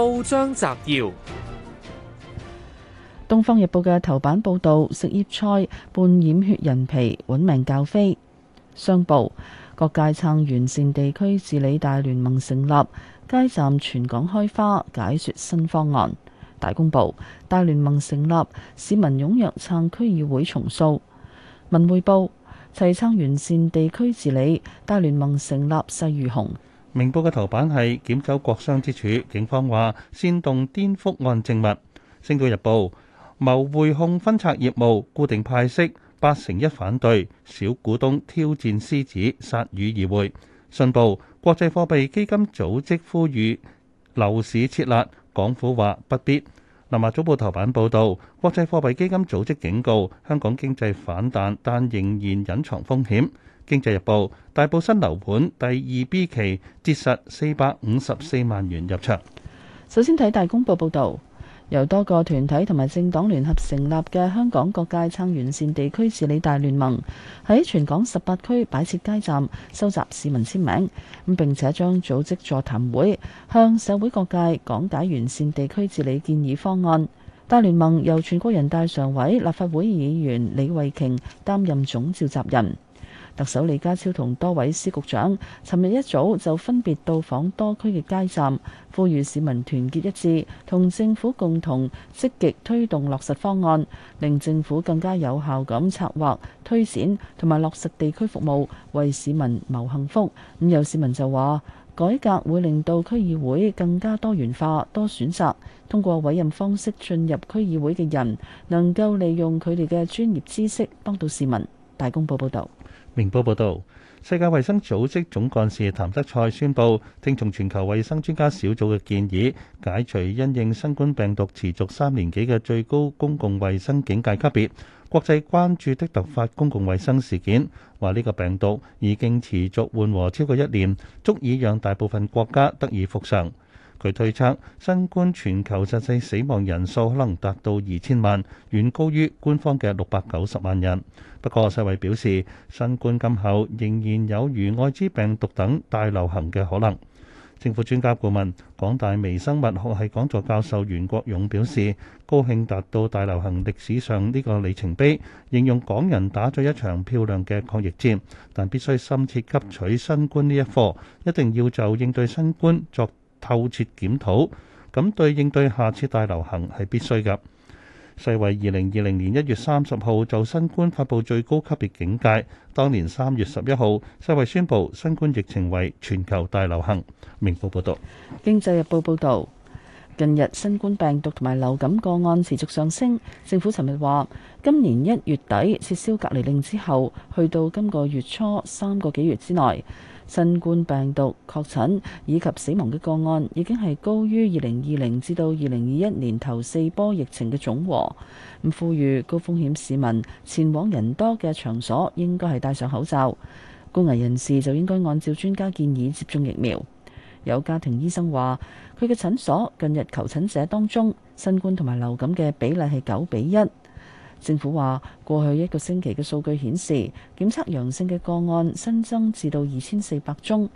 報章摘要：東方日報嘅頭版報道，食葉菜半掩血人皮，揾命教飛。商報：各界撐完善地區治理大聯盟成立，街站全港開花，解說新方案。大公報：大聯盟成立，市民踴躍撐區議會重塑。文匯報：齊撐完善地區治理，大聯盟成立勢如虹。明報嘅頭版係檢走國殤之柱，警方話煽動顛覆案證物。星島日報，謀匯控分拆業務，固定派息八成一反對，小股東挑戰獅子鎩羽而回。信報，國際貨幣基金組織呼籲樓市設立，港府話不必。南華早報頭版報導，國際貨幣基金組織警告香港經濟反彈，但仍然隱藏風險。經濟日報大埔新樓盤第二 B 期折實四百五十四萬元入場。首先睇大公報報導，由多個團體同埋政黨聯合成立嘅香港各界撐完善地區治理大聯盟，喺全港十八區擺設街站，收集市民簽名，咁並且將組織座談會，向社會各界講解完善地區治理建議方案。大聯盟由全國人大常委、立法會議員李慧瓊擔任總召集人。特首李家超同多位司局長尋日一早就分別到訪多區嘅街站，呼籲市民團結一致，同政府共同積極推動落實方案，令政府更加有效咁策劃推展同埋落實地區服務，為市民謀幸福。咁、嗯、有市民就話：改革會令到區議會更加多元化、多選擇，通過委任方式進入區議會嘅人能夠利用佢哋嘅專業知識幫到市民。大公報報道。明報報道，世界衛生組織總幹事譚德塞宣布，聽從全球衛生專家小組嘅建議，解除因應新冠病毒持續三年幾嘅最高公共衛生警戒級別，國際關注的突發公共衛生事件。話呢個病毒已經持續緩和超過一年，足以讓大部分國家得以復常。佢推測新冠全球實際死亡人數可能達到二千萬，遠高於官方嘅六百九十萬人。不過世衛表示，新冠今後仍然有如艾滋病毒等大流行嘅可能。政府專家顧問、港大微生物學系講座教授袁國勇表示，高興達到大流行歷史上呢個里程碑，形容港人打咗一場漂亮嘅抗疫戰，但必須深切吸取新冠呢一課，一定要就應對新冠作。透徹檢討，咁對應對下次大流行係必須噶。世衛二零二零年一月三十號就新冠發佈最高級別警戒，當年三月十一號世衛宣布新冠疫情為全球大流行。明報報道，經濟日報報道，近日新冠病毒同埋流感個案持續上升，政府尋日話，今年一月底撤銷隔離令之後，去到今個月初三個幾月之內。新冠病毒確診以及死亡嘅個案已經係高於二零二零至到二零二一年頭四波疫情嘅總和。咁呼籲高風險市民前往人多嘅場所應該係戴上口罩。高危人士就應該按照專家建議接種疫苗。有家庭醫生話，佢嘅診所近日求診者當中新冠同埋流感嘅比例係九比一。政府話，過去一個星期嘅數據顯示，檢測陽性嘅個案新增至到二千四百宗，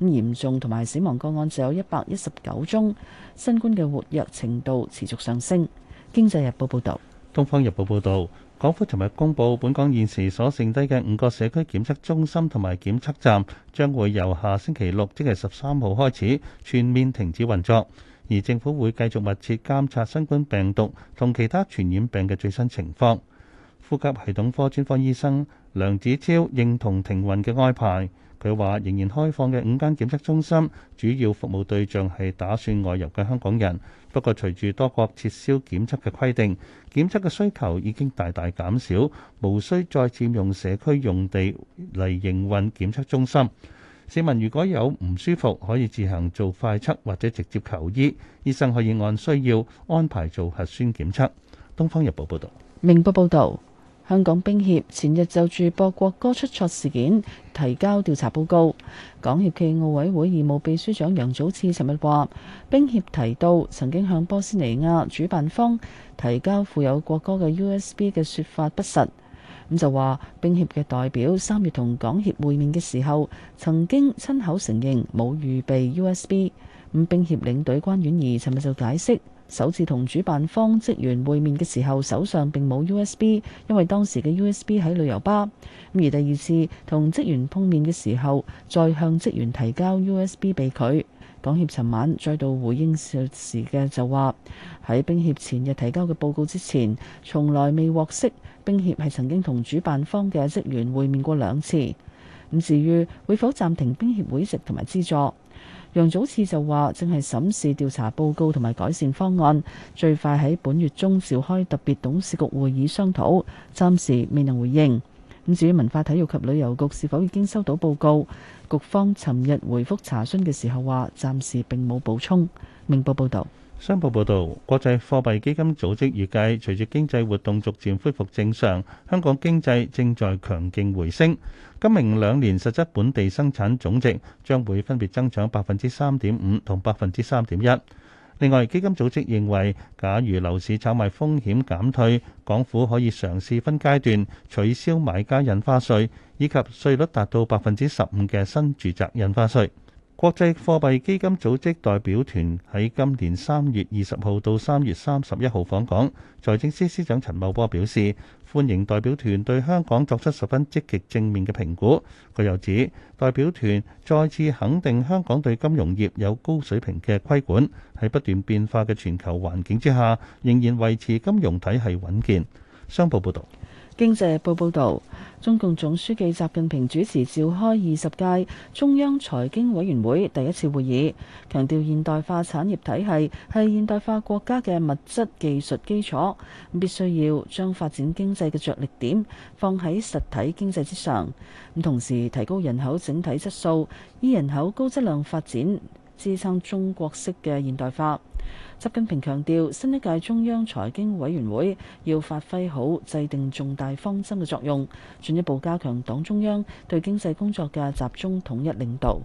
咁嚴重同埋死亡個案只有一百一十九宗，新冠嘅活躍程度持續上升。《經濟日報》報道：《東方日報》報道，港府尋日公佈，本港現時所剩低嘅五個社區檢測中心同埋檢測站，將會由下星期六即係十三號開始全面停止運作。而政府會繼續密切監察新冠病毒同其他傳染病嘅最新情況。呼吸系統科專科醫生梁子超認同停運嘅安排。佢話：仍然開放嘅五間檢測中心，主要服務對象係打算外遊嘅香港人。不過，隨住多國撤銷檢測嘅規定，檢測嘅需求已經大大減少，無需再佔用社區用地嚟營運檢測中心。市民如果有唔舒服，可以自行做快測或者直接求醫，醫生可以按需要安排做核酸檢測。《東方日報》報道。《明報》報道，香港冰協前日就駐博國歌出錯事件提交調查報告。港協暨奧委會義務秘書長楊祖次尋日話，冰協提到曾經向波斯尼亞主辦方提交附有國歌嘅 USB 嘅說法不實。咁就話，乒協嘅代表三月同港協會面嘅時候，曾經親口承認冇預備 USB。咁乒協領隊關婉儀尋日就解釋，首次同主辦方職員會面嘅時候手上並冇 USB，因為當時嘅 USB 喺旅遊巴。咁而第二次同職員碰面嘅時候，再向職員提交 USB 俾佢。港協尋晚再度回應時嘅就話：喺冰協前日提交嘅報告之前，從來未獲悉冰協係曾經同主辦方嘅職員會面過兩次。咁至於會否暫停冰協會席同埋資助，楊祖次就話正係審視調查報告同埋改善方案，最快喺本月中召開特別董事局會議商討，暫時未能回應。咁至於文化體育及旅遊局是否已經收到報告，局方尋日回覆查詢嘅時候話暫時並冇補充。明報報道，商報報道，國際貨幣基金組織預計，隨住經濟活動逐漸恢復正常，香港經濟正在強勁回升，今明兩年實質本地生產總值將會分別增長百分之三點五同百分之三點一。另外，基金組織認為，假如樓市炒賣風險減退，港府可以嘗試分階段取消買家印花稅，以及稅率達到百分之十五嘅新住宅印花稅。國際貨幣基金組織代表團喺今年三月二十號到三月三十一號訪港，財政司司長陳茂波表示歡迎代表團對香港作出十分積極正面嘅評估。佢又指，代表團再次肯定香港對金融業有高水平嘅規管，喺不斷變化嘅全球環境之下，仍然維持金融體系穩健。商報報道。經濟報報道，中共總書記習近平主持召開二十屆中央財經委員會第一次會議，強調現代化產業體系係現代化國家嘅物質技術基礎，必須要將發展經濟嘅着力點放喺實體經濟之上，咁同時提高人口整體質素，以人口高質量發展，支撐中國式嘅現代化。習近平強調，新一屆中央財經委員會要發揮好制定重大方針嘅作用，進一步加強黨中央對經濟工作嘅集中統一領導。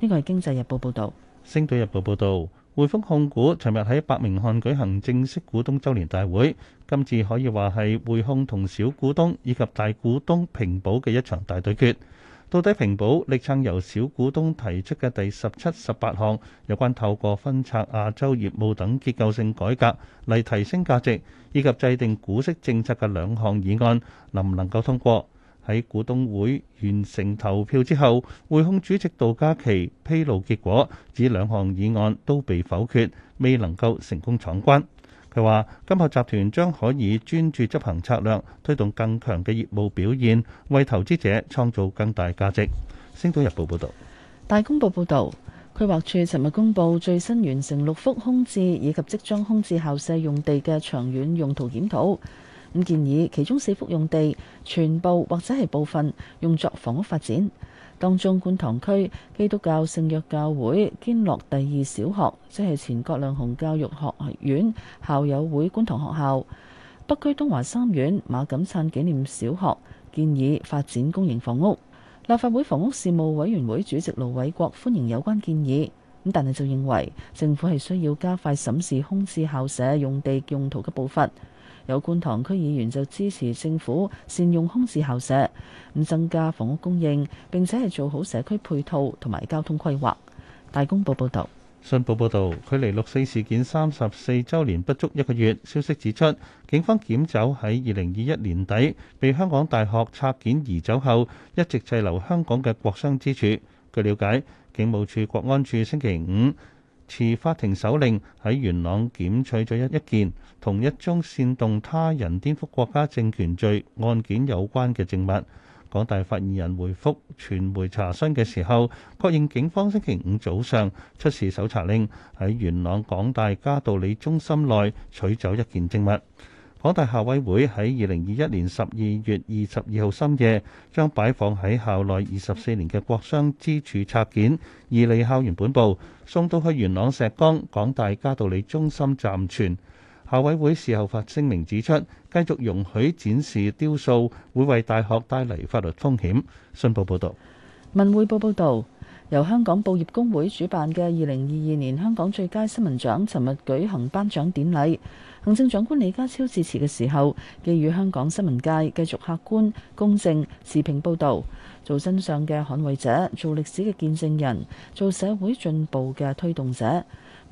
呢個係《經濟日報》報道，《星島日報》報道，匯豐控股尋日喺伯明翰舉行正式股東周年大會，今次可以話係匯控同小股東以及大股東平保嘅一場大對決。到底平保力撐由小股東提出嘅第十七、十八項有關透過分拆亞洲業務等結構性改革嚟提升價值，以及制定股息政策嘅兩項議案，能唔能夠通過？喺股東會完成投票之後，匯控主席杜嘉祺披露結果，指兩項議案都被否決，未能夠成功闖關。佢話：今後集團將可以專注執行策略，推動更強嘅業務表現，為投資者創造更大價值。星島日報報道，大公報報道，規劃處尋日公布最新完成六幅空置以及即將空置校舍用地嘅長遠用途檢討，咁建議其中四幅用地全部或者係部分用作房屋發展。當中，觀塘區基督教聖約教會堅樂第二小學，即係前葛量洪教育學院校友會觀塘學校、北區東華三院馬錦燦紀念小學，建議發展公營房屋。立法會房屋事務委員會主席盧偉國歡迎有關建議，咁但係就認為政府係需要加快審視空置校舍用地用途嘅步伐。有觀塘區議員就支持政府善用空置校舍，唔增加房屋供應，並且係做好社區配套同埋交通規劃。大公報報道，信報報導，距離六四事件三十四周年不足一個月，消息指出，警方檢走喺二零二一年底被香港大學拆件移走後，一直滯留香港嘅國殤之柱。據了解，警務處國安處星期五。持法庭手令喺元朗檢取咗一一件同一宗煽動他人顛覆國家政權罪案件有關嘅證物。港大發言人回覆傳媒查詢嘅時候，確認警方星期五早上出示搜查令，喺元朗港大嘉道理中心內取走一件證物。港大校委會喺二零二一年十二月二十二號深夜，將擺放喺校內二十四年嘅國殤之柱拆件，移離校園本部送到去元朗石崗港大嘉道理中心暫存。校委會事後發聲明指出，繼續容許展示雕塑會為大學帶嚟法律風險。信報報道。文匯報報導。由香港報業工會主辦嘅二零二二年香港最佳新聞獎尋日舉行頒獎典禮，行政長官李家超致辭嘅時候，寄語香港新聞界繼續客觀、公正、持平報道，做真相嘅捍衛者，做歷史嘅見證人，做社會進步嘅推動者。咁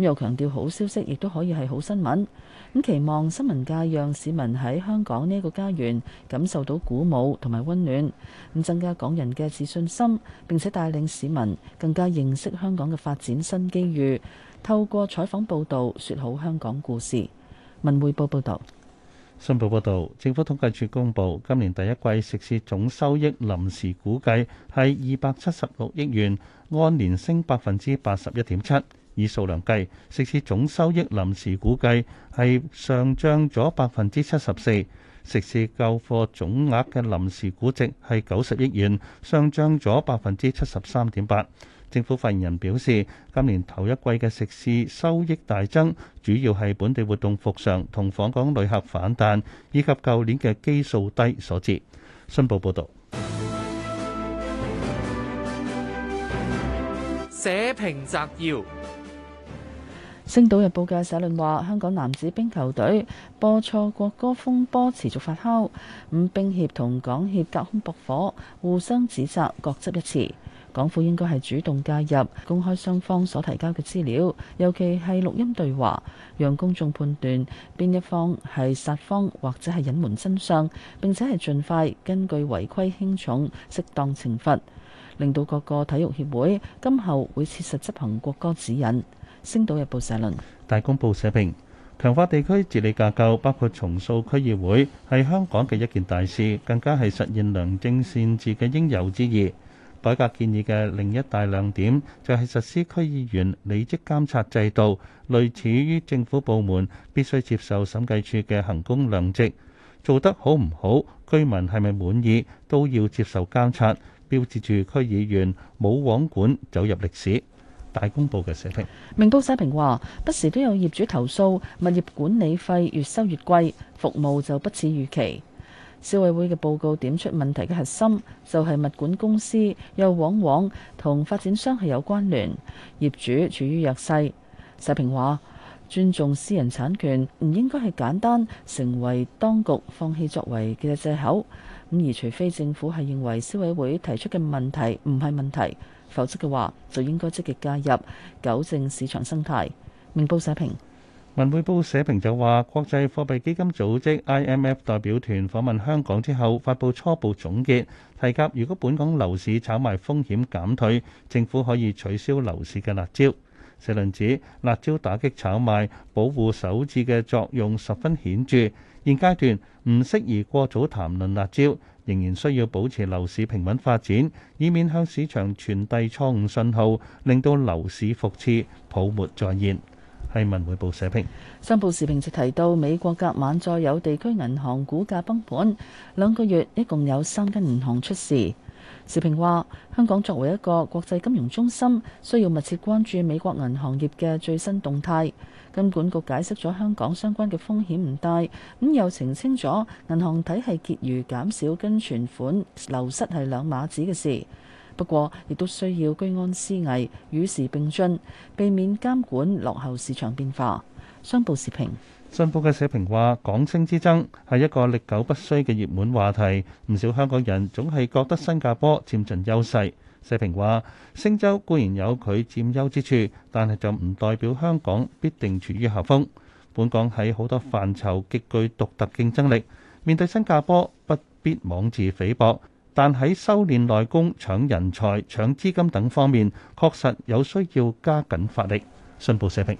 又強調好消息亦都可以係好新聞。咁期望新聞界讓市民喺香港呢個家園感受到鼓舞同埋溫暖，咁增加港人嘅自信心，並且帶領市民更加認識香港嘅發展新機遇。透過採訪報導，說好香港故事。文匯報報導。新報報導，政府統計處公布今年第一季食肆總收益臨時估計係二百七十六億元，按年升百分之八十一點七。以數量計，食肆總收益臨時估計係上漲咗百分之七十四；食肆購貨總額嘅臨時估值係九十億元，上漲咗百分之七十三點八。政府發言人表示，今年頭一季嘅食肆收益大增，主要係本地活動復常同訪港旅客反彈，以及舊年嘅基數低所致。新報報導。社評摘要。《星島日報》嘅社論話：香港男子冰球隊播錯國歌風波持續發酵，五冰協同港協隔空駁火，互相指責，各執一詞。港府應該係主動介入，公開雙方所提交嘅資料，尤其係錄音對話，讓公眾判斷邊一方係殺方或者係隱瞞真相。並且係盡快根據違規輕重適當懲罰，令到各個體育協會今後會切實執行國歌指引。星島日報社論：大公報社評，強化地區治理架構，包括重塑區議會，係香港嘅一件大事，更加係實現良政善治嘅應有之義。改革建議嘅另一大亮點，就係、是、實施區議員履職監察制度，類似於政府部門必須接受審計署嘅衡工量值，做得好唔好，居民係咪滿意，都要接受監察，標誌住區議員冇王管走入歷史。大公報嘅社評，明報社評話，不時都有業主投訴，物業管理費越收越貴，服務就不似預期。消委會嘅報告點出問題嘅核心，就係、是、物管公司又往往同發展商係有關聯，業主處於弱勢。社評話，尊重私人產權唔應該係簡單成為當局放棄作為嘅借口，咁而除非政府係認為消委會提出嘅問題唔係問題。否則嘅話，就應該積極加入，糾正市場生態。明報社評，文匯報社評就話，國際貨幣基金組織 IMF 代表團訪問香港之後，發布初步總結，提及如果本港樓市炒賣風險減退，政府可以取消樓市嘅辣招。社論指，辣招打擊炒賣，保護首置嘅作用十分顯著。現階段唔適宜過早談論辣招，仍然需要保持樓市平穩發展，以免向市場傳遞錯誤信號，令到樓市復熾，泡沫再現。係文匯報社評。新報時評就提到，美國隔晚再有地區銀行股價崩盤，兩個月一共有三間銀行出事。時評話：香港作為一個國際金融中心，需要密切關注美國銀行業嘅最新動態。金管局解釋咗香港相關嘅風險唔大，咁又澄清咗銀行體系結餘減少跟存款流失係兩碼子嘅事。不過，亦都需要居安思危，與時並進，避免監管落後市場變化。商報時評。信報嘅社評話，港星之爭係一個歷久不衰嘅熱門話題，唔少香港人總係覺得新加坡佔盡優勢。社評話，星洲固然有佢佔優之處，但係就唔代表香港必定處於下風。本港喺好多範疇極具獨特競爭力，面對新加坡不必妄自菲薄，但喺修煉內功、搶人才、搶資金等方面，確實有需要加緊發力。信報社評。